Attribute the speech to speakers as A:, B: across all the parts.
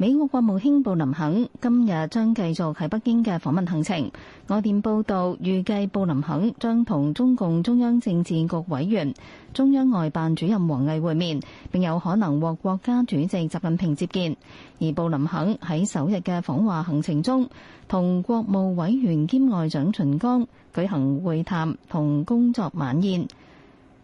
A: 美國國務卿布林肯今日將繼續喺北京嘅訪問行程。外電報道預計布林肯將同中共中央政治局委員、中央外辦主任王毅會面，並有可能獲國家主席習近平接見。而布林肯喺首日嘅訪華行程中，同國務委員兼外長秦剛舉行會談同工作晚宴，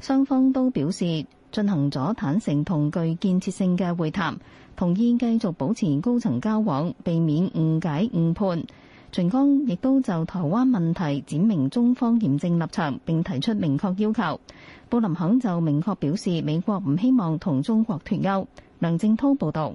A: 雙方都表示：進行咗坦誠同具建設性嘅會談，同意繼續保持高層交往，避免誤解誤判。秦剛亦都就台灣問題展明中方嚴正立場，並提出明確要求。布林肯就明確表示美國唔希望同中國脫鉤。梁正滔報道。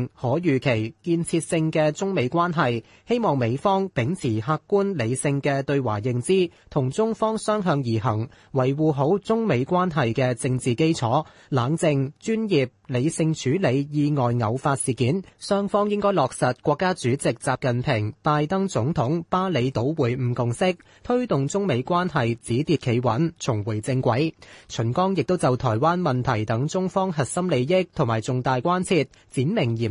B: 可預期建設性嘅中美關係，希望美方秉持客觀理性嘅對華認知，同中方相向而行，維護好中美關係嘅政治基礎，冷靜專業理性處理意外偶發事件。雙方應該落實國家主席習近平、拜登總統巴里島會晤共識，推動中美關係止跌企穩，重回正軌。秦剛亦都就台灣問題等中方核心利益同埋重大關切，展明嚴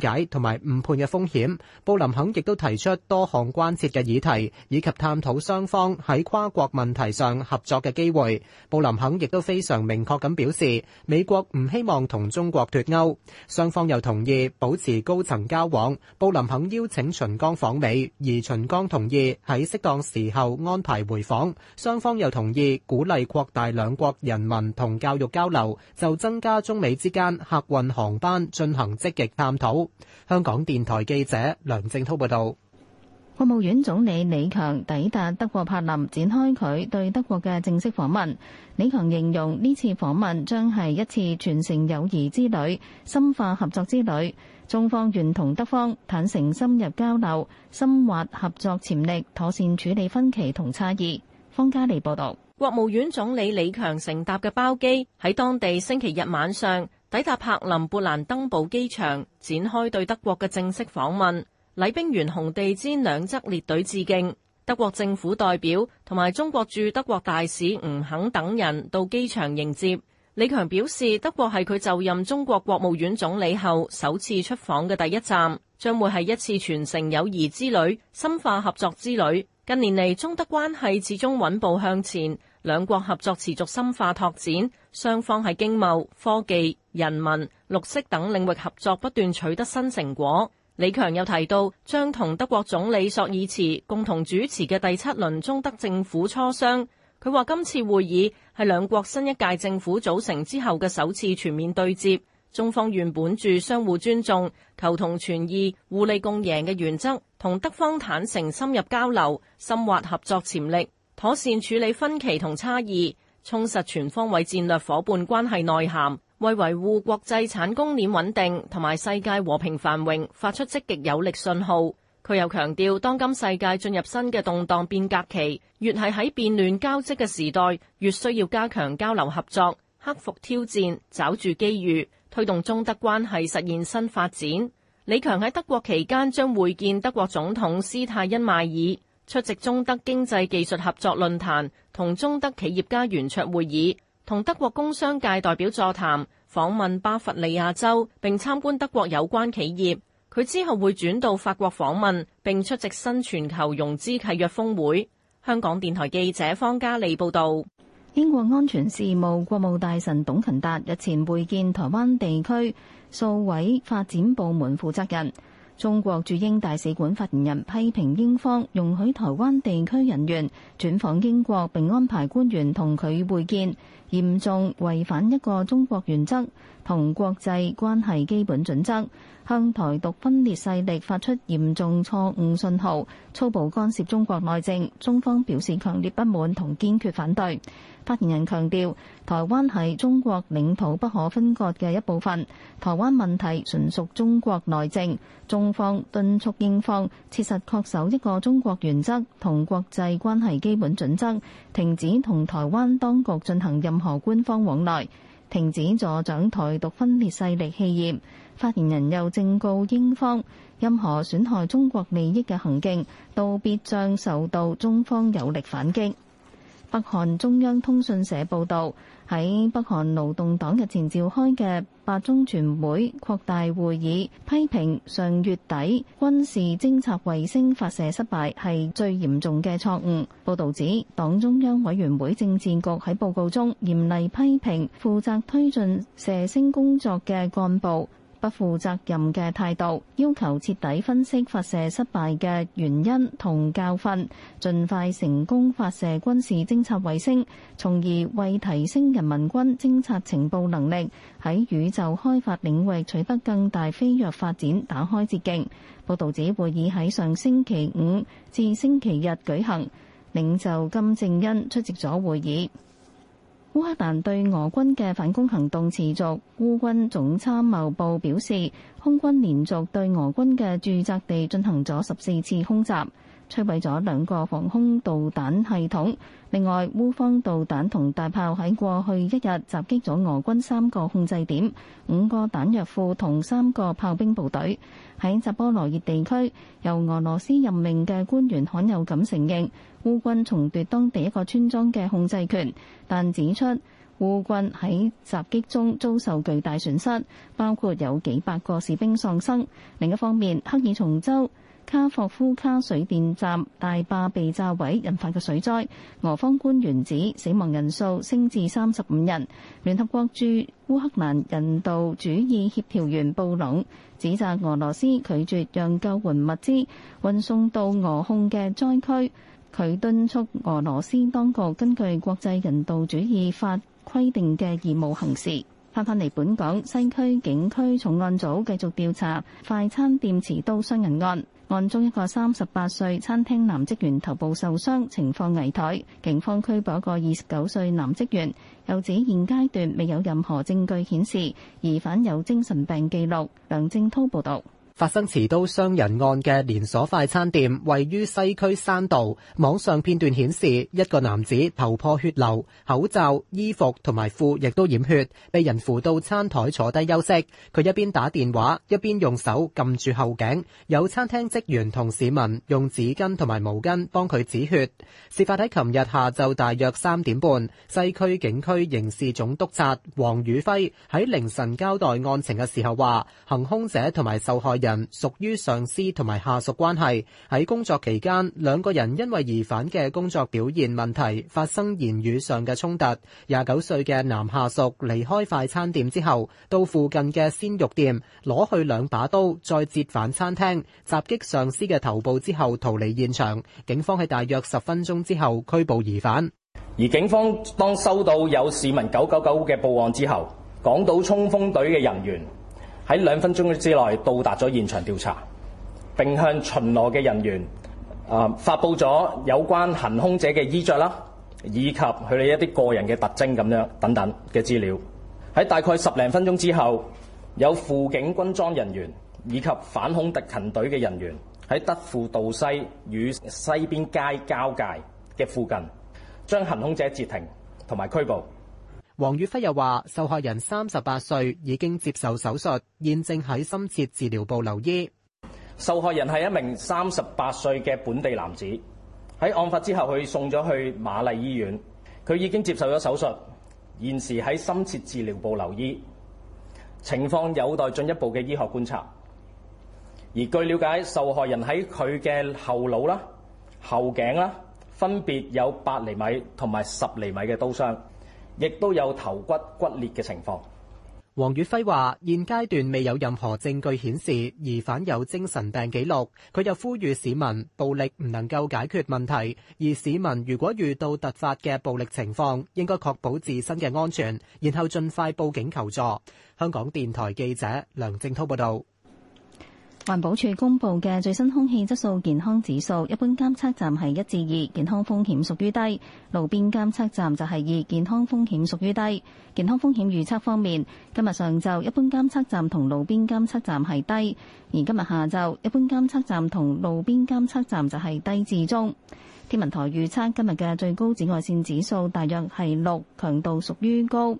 B: 解同埋誤判嘅風險，布林肯亦都提出多項關切嘅議題，以及探討雙方喺跨國問題上合作嘅機會。布林肯亦都非常明確咁表示，美國唔希望同中國脫鈎。雙方又同意保持高層交往。布林肯邀請秦剛訪美，而秦剛同意喺適當時候安排回訪。雙方又同意鼓勵擴大兩國人民同教育交流，就增加中美之間客運航班進行積極探討。香港電台記者梁正濤報道。
A: 國務院總理李強抵達德國柏林，展開佢對德國嘅正式訪問。李強形容呢次訪問將係一次傳承友誼之旅，深化合作之旅。中方願同德方坦誠深入交流，深挖合作潛力，妥善處理分歧同差異。方家莉報道。
C: 國務院總理李強乘搭嘅包機喺當地星期日晚上抵達柏林勃蘭登堡機場，展開對德國嘅正式訪問。禮兵沿紅地氈兩側列隊致敬。德國政府代表同埋中國駐德國大使吳懇等人到機場迎接。李強表示，德國係佢就任中國國務院總理後首次出訪嘅第一站，將會係一次傳承友誼之旅、深化合作之旅。近年嚟，中德關係始終穩步向前，兩國合作持續深化拓展，雙方喺經貿、科技。人民、綠色等領域合作不斷取得新成果。李強又提到，將同德國總理朔爾茨共同主持嘅第七輪中德政府磋商。佢話今次會議係兩國新一屆政府組成之後嘅首次全面對接，中方願本住相互尊重、求同存異、互利共贏嘅原則，同德方坦誠深入交流，深挖合作潛力，妥善處理分歧同差異，充實全方位戰略伙伴關係內涵。為維護國際產供鏈穩定同埋世界和平繁榮，發出積極有力信號。佢又強調，當今世界進入新嘅動蕩變革期，越係喺變亂交織嘅時代，越需要加強交流合作，克服挑戰，抓住機遇，推動中德關係實現新發展。李強喺德國期間，將會見德國總統施泰因邁爾，出席中德經濟技術合作論壇同中德企業家圓桌會議。同德國工商界代表座談，訪問巴伐利亞州並參觀德國有關企業。佢之後會轉到法國訪問，並出席新全球融資契約峰會。香港電台記者方嘉利報道。
A: 英國安全事務國務大臣董勤達日前會見台灣地區數位發展部門負責人。中國駐英大使館發言人批評英方容許台灣地區人員轉訪英國，並安排官員同佢會見，嚴重違反一個中國原則同國際關係基本準則，向台獨分裂勢力發出嚴重錯誤信號，粗暴干涉中國內政。中方表示強烈不滿同堅決反對。發言人強調，台灣係中國領土不可分割嘅一部分，台灣問題純屬中國內政。中方敦促英方切實恪守一個中國原則同國際關係基本準則，停止同台灣當局進行任何官方往來，停止助長台獨分裂勢力氣焰。發言人又正告英方，任何損害中國利益嘅行徑，都必將受到中方有力反擊。北韓中央通訊社報導，喺北韓勞動黨日前召開嘅八中全會擴大會議，批評上月底軍事偵察衛星發射失敗係最嚴重嘅錯誤。報導指，黨中央委員會政治局喺報告中嚴厲批評負責推進射星工作嘅幹部。不負責任嘅態度，要求徹底分析發射失敗嘅原因同教訓，盡快成功發射軍事偵察衛星，從而為提升人民軍偵察情報能力喺宇宙開發領域取得更大飛躍發展打開捷徑。報道指，會議喺上星期五至星期日舉行，領袖金正恩出席咗會議。烏克蘭對俄軍嘅反攻行動持續，烏軍總參謀部表示，空軍連續對俄軍嘅駐紮地進行咗十四次空襲。摧毀咗兩個防空導彈系統。另外，烏方導彈同大炮喺過去一日襲擊咗俄軍三個控制點、五個彈藥庫同三個炮兵部隊。喺扎波羅熱地區，由俄羅斯任命嘅官員罕有咁承認烏軍重奪當地一個村莊嘅控制權，但指出烏軍喺襲擊中遭受巨大損失，包括有幾百個士兵喪生。另一方面，克爾松州卡霍夫卡水電站大壩被炸毀，引發嘅水災。俄方官員指死亡人數升至三十五人。聯合國駐烏克蘭人道主義協調員布朗指責俄羅斯拒絕讓救援物資運送到俄控嘅災區，佢敦促俄羅斯當局根據國際人道主義法規定嘅義務行事。翻返嚟，本港西區警區重案組繼續調查快餐店持刀傷人案。案中一個三十八歲餐廳男職員頭部受傷，情況危殆。警方拘捕一個二十九歲男職員，又指現階段未有任何證據顯示疑犯有精神病記錄，梁正濤報道。
B: 發生持刀傷人案嘅連鎖快餐店位於西區山道，網上片段顯示，一個男子頭破血流，口罩、衣服同埋褲亦都染血，被人扶到餐台坐低休息。佢一邊打電話，一邊用手撳住後頸。有餐廳職員同市民用紙巾同埋毛巾幫佢止血。事發喺琴日下晝大約三點半。西區警區刑事總督察黃宇輝喺凌晨交代案情嘅時候話，行凶者同埋受害人。人屬於上司同埋下屬關係喺工作期間，兩個人因為疑犯嘅工作表現問題發生言語上嘅衝突。廿九歲嘅男下屬離開快餐店之後，到附近嘅鮮肉店攞去兩把刀，再折返餐廳襲擊上司嘅頭部之後逃離現場。警方喺大約十分鐘之後拘捕疑犯。
D: 而警方當收到有市民九九九嘅報案之後，港島衝鋒隊嘅人員。喺兩分鐘之內到達咗現場調查，並向巡邏嘅人員發佈咗有關行兇者嘅衣着啦，以及佢哋一啲個人嘅特徵咁樣等等嘅資料。喺大概十零分鐘之後，有輔警軍裝人員以及反恐特勤隊嘅人員喺德輔道西與西邊街交界嘅附近，將行兇者截停同埋拘捕。
B: 黃宇輝又話：受害人三十八歲，已經接受手術，現正喺深切治療部留醫。
D: 受害人係一名三十八歲嘅本地男子，喺案發之後佢送咗去瑪麗醫院，佢已經接受咗手術，現時喺深切治療部留醫，情況有待進一步嘅醫學觀察。而據了解，受害人喺佢嘅後腦啦、後頸啦，分別有八厘米同埋十厘米嘅刀傷。亦都有頭骨骨裂嘅情況。
B: 黃宇輝話：現階段未有任何證據顯示疑犯有精神病記錄。佢又呼籲市民暴力唔能夠解決問題，而市民如果遇到突發嘅暴力情況，應該確保自身嘅安全，然後盡快報警求助。香港電台記者梁正滔報道。
A: 環保署公佈嘅最新空氣質素健康指數，一般監測站係一至二，健康風險屬於低；路邊監測站就係二，健康風險屬於低。健康風險預測方面，今日上晝一般監測站同路邊監測站係低，而今日下晝一般監測站同路邊監測站就係低至中。天文台預測今日嘅最高紫外線指數大約係六，強度屬於高。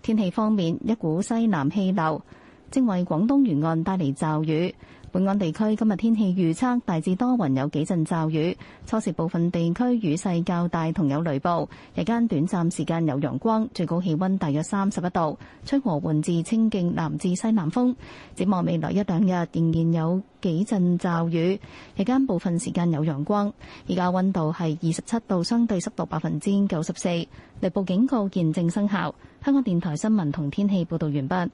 A: 天氣方面，一股西南氣流正為廣東沿岸帶嚟驟雨。本港地區今日天氣預測，大致多雲，有幾陣驟雨，初時部分地區雨勢較大同有雷暴，日間短暫時間有陽光，最高氣溫大約三十一度，吹和緩至清勁南至西南風，展望未來一兩日仍然有幾陣驟雨，日間部分時間有陽光。而家溫度係二十七度，相對濕度百分之九十四。雷暴警告現正生效。香港電台新聞同天氣報道完畢。